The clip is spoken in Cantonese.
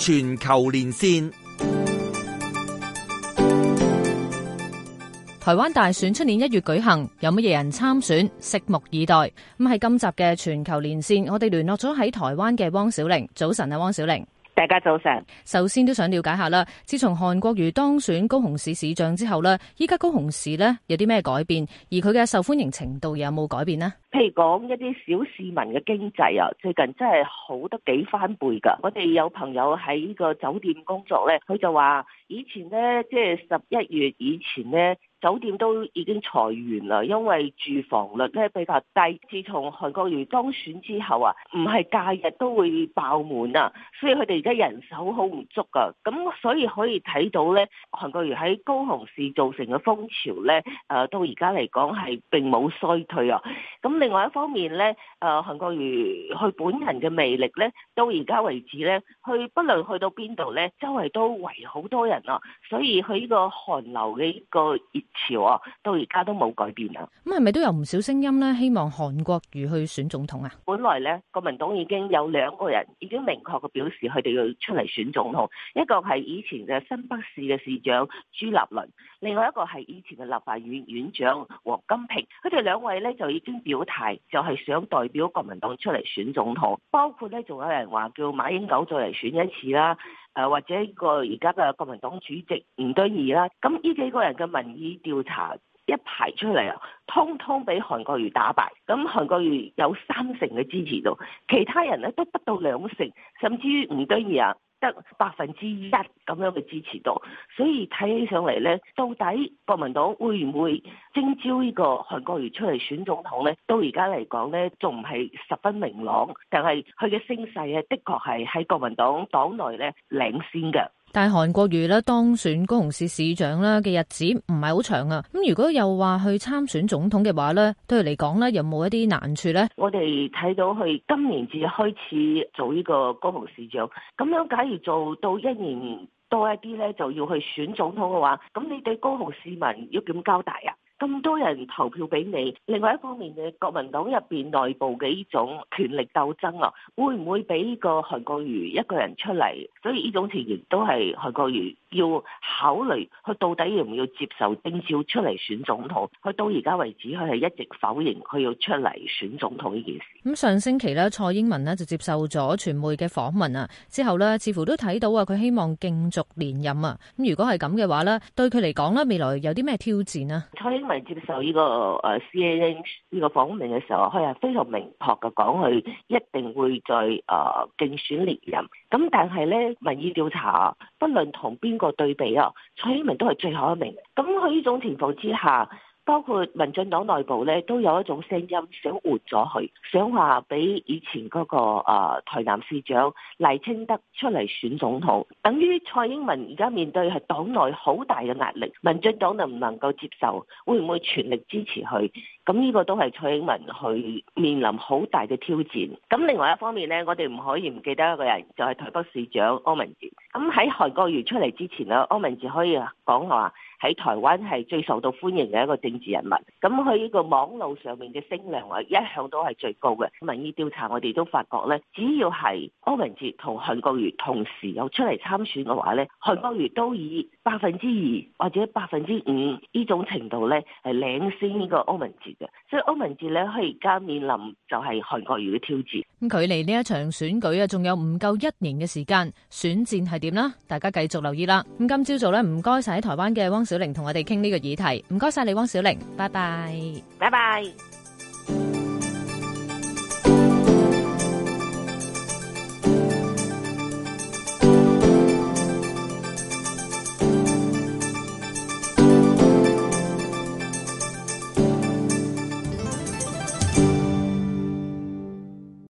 全球連線，台灣大選出年一月舉行，有乜嘢人參選？拭目以待。咁係今集嘅全球連線，我哋聯絡咗喺台灣嘅汪小玲。早晨啊，汪小玲。大家早上，首先都想了解下啦。自從韓國瑜當選高雄市市長之後咧，依家高雄市咧有啲咩改變？而佢嘅受歡迎程度有冇改變呢？譬如講一啲小市民嘅經濟啊，最近真係好得幾翻倍噶。我哋有朋友喺呢個酒店工作咧，佢就話以前咧，即係十一月以前咧。酒店都已經裁員啦，因為住房率咧比較低。自從韓國瑜當選之後啊，唔係假日都會爆滿啊，所以佢哋而家人手好唔足啊。咁所以可以睇到咧，韓國瑜喺高雄市造成嘅風潮咧，誒、啊、到而家嚟講係並冇衰退啊。咁另外一方面咧，誒、啊、韓國瑜佢本人嘅魅力咧，到而家為止咧，佢不論去到邊度咧，周圍都圍好多人啊。所以佢呢個韓流嘅呢個熱朝啊，到而家都冇改變啊！咁係咪都有唔少聲音呢？希望韓國瑜去選總統啊！本來呢，國民黨已經有兩個人已經明確嘅表示，佢哋要出嚟選總統。一個係以前嘅新北市嘅市長朱立倫，另外一個係以前嘅立法院院長黃金平。佢哋兩位呢，就已經表態，就係想代表國民黨出嚟選總統。包括呢，仲有人話叫馬英九再嚟選一次啦。誒或者個而家嘅國民黨主席吳敦義啦，咁呢幾個人嘅民意調查一排出嚟啊，通通俾韓國瑜打敗，咁韓國瑜有三成嘅支持度，其他人咧都不到兩成，甚至於吳敦義啊。得百分之一咁樣嘅支持度，所以睇起上嚟呢，到底國民黨會唔會徵召呢個韓國瑜出嚟選總統呢？到而家嚟講呢，仲唔係十分明朗，但係佢嘅聲勢啊，的確係喺國民黨黨內呢領先嘅。但係韓國瑜咧當選高雄市市長咧嘅日子唔係好長啊，咁如果又話去參選總統嘅話咧，對佢嚟講咧有冇一啲難處咧？我哋睇到佢今年至開始做呢個高雄市長，咁樣假如做到一年多一啲咧，就要去選總統嘅話，咁你對高雄市民要點交代啊？咁多人投票俾你，另外一方面你國民黨入邊內部嘅呢種權力鬥爭啊，會唔會俾呢個韓國瑜一個人出嚟？所以呢種情形都係韓國瑜。要考慮佢到底要唔要接受徵召出嚟選總統？佢到而家為止，佢係一直否認佢要出嚟選總統呢件事。咁上星期呢，蔡英文呢就接受咗傳媒嘅訪問啊，之後呢，似乎都睇到啊，佢希望競逐連任啊。咁如果係咁嘅話呢，對佢嚟講呢，未來有啲咩挑戰啊？蔡英文接受呢個誒 C N N 呢個訪問嘅時候，佢係非常明確嘅講，佢一定會再誒競選連任。咁但係呢，民意調查。不論同邊個對比啊，蔡英文都係最後一名。咁喺呢種情況之下，包括民進黨內部咧都有一種聲音想換咗佢，想話俾以前嗰個啊台南市長賴清德出嚟選總統。等於蔡英文而家面對係黨內好大嘅壓力，民進黨能唔能夠接受？會唔會全力支持佢？咁呢個都係蔡英文去面臨好大嘅挑戰。咁另外一方面呢，我哋唔可以唔記得一個人，就係台北市長柯文哲。咁喺韓國瑜出嚟之前呢，柯文哲可以講話喺台灣係最受到歡迎嘅一個政治人物。咁佢呢個網路上面嘅聲量啊，一向都係最高嘅。民意調查我哋都發覺呢，只要係柯文哲同韓國瑜同時有出嚟參選嘅話呢，韓國瑜都以百分之二或者百分之五呢種程度呢，係領先呢個柯文哲。所以柯文哲咧，佢而家面臨就係韓國瑜嘅挑戰。咁，距離呢一場選舉啊，仲有唔夠一年嘅時間，選戰係點啦？大家繼續留意啦。咁今朝早咧，唔該晒喺台灣嘅汪小玲同我哋傾呢個議題。唔該晒你，汪小玲，拜拜，拜拜。